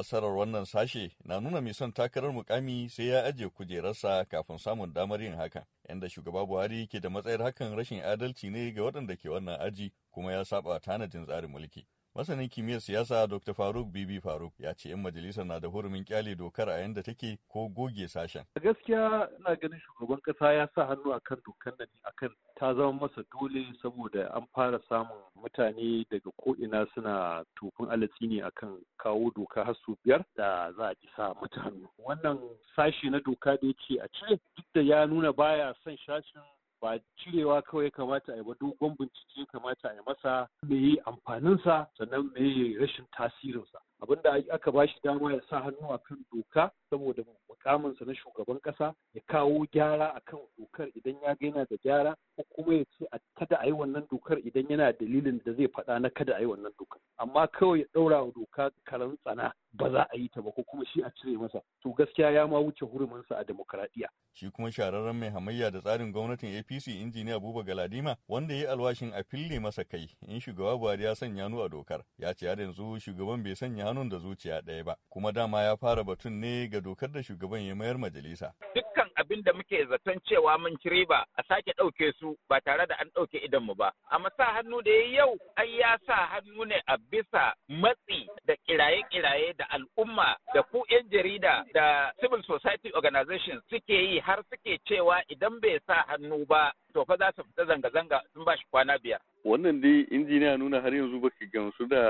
Fassarar wannan sashe na nuna mai son takarar mukami sai ya ajiye kujerarsa kafin samun damar yin hakan. inda shugaba Buhari ke da matsayar hakan rashin adalci ne ga waɗanda ke wannan aji kuma ya saba tanadin tsarin mulki. Masanin kimiyyar siyasa Dr. Faruk Bibi Faruk ya ce 'yan majalisar na da hurumin kyale dokar a yanda take ko goge sashen. A Gaskiya ina ganin shugaban kasa ya sa hannu akan dokar nan akan ta zama masa dole saboda an fara samun mutane daga ko'ina suna tofin alatsi ne akan kawo doka har su biyar da za a isa mata Wannan sashi na doka da yake a cire duk da ya nuna baya son sashen ba cirewa kawai ya kamata a yi ba dogon bincike ya kamata a yi masa me yi amfaninsa sannan me yi rashin tasirinsa abinda aka ba shi dama ya sa hannu a kan doka saboda mukaminsa na shugaban kasa ya kawo gyara a kan dokar idan ya ga yana da gyara ko kuma ya ce a kada a yi wannan dokar idan yana dalilin da zai faɗa na kada a yi wannan dokar amma kawai ya ɗaura wa doka karan tsana ba za a yi ta ba ko kuma shi a cire masa to gaskiya ya ma wuce huruminsa a demokradiya shi kuma shararren mai hamayya da tsarin gwamnatin APC injiniya Buba Galadima wanda ya yi alwashin a fille masa kai in shugaba Buhari ya sanya hannu a dokar ya ce har yanzu shugaban bai sanya hannun da zuciya ɗaya ba kuma dama ya fara batun ne ga dokar da shugaban ya mayar majalisa dukkan abin da muke zaton cewa mun ci ba a sake ɗauke su ba tare da an ɗauke idanmu ba amma sa hannu da ya yau ai ya sa hannu ne a bisa matsi kiraye-kiraye da al'umma da ku 'yan jarida da civil society organizations suke yi har suke cewa idan bai sa hannu ba to fa za su fita zanga-zanga sun ba shi kwana biyar. wannan dai injiniya nuna har yanzu ka gamsu da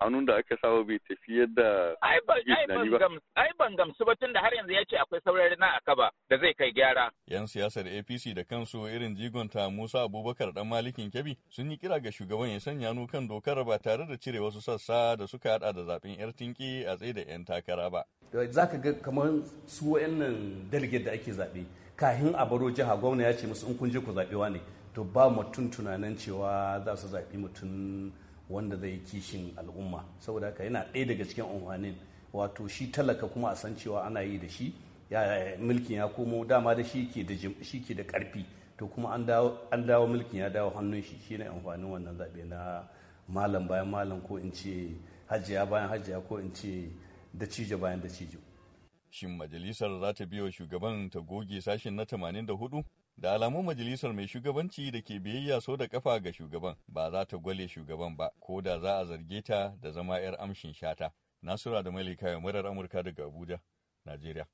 hannun da aka sawa bai tafi yadda ai ban gamsu ba da har yanzu ya ce akwai saurari na akaba da zai kai gyara yan siyasar apc da kansu irin jigonta musa abubakar dan malikin kyabi sun yi kira ga shugaban ya sanya nu kan dokar ba tare da cire wasu sassa da suka hada da zaben yar tinki a tsaye da yan takara ba za ka ga kamar su wayannan delegate da ake zaɓe. kahin a baro jiha gwamna ya ce musu in kun je ku zaɓewa ne to ba mutum tunanin cewa za su zaɓi mutum wanda zai kishin al'umma saboda haka yana ɗaya daga cikin unguwanin. wato shi talaka kuma a san cewa ana yi da shi mulkin ya komo dama da shi ke da shi ke da ƙarfi to kuma an dawo mulkin ya dawo hannun shi shine amfanin wannan zaɓe na malam bayan malam ko in ce hajiya bayan hajiya ko in ce da cije bayan da cije. Shin majalisar za ta biyo shugaban ta goge sashen na 84? Da alamun majalisar mai shugabanci da ke biyayya so da kafa ga shugaban ba za ta gwale shugaban ba, ko da za a zarge ta da zama 'yar amshin shata. Nasura da Malika murar Amurka daga Abuja, Najeriya.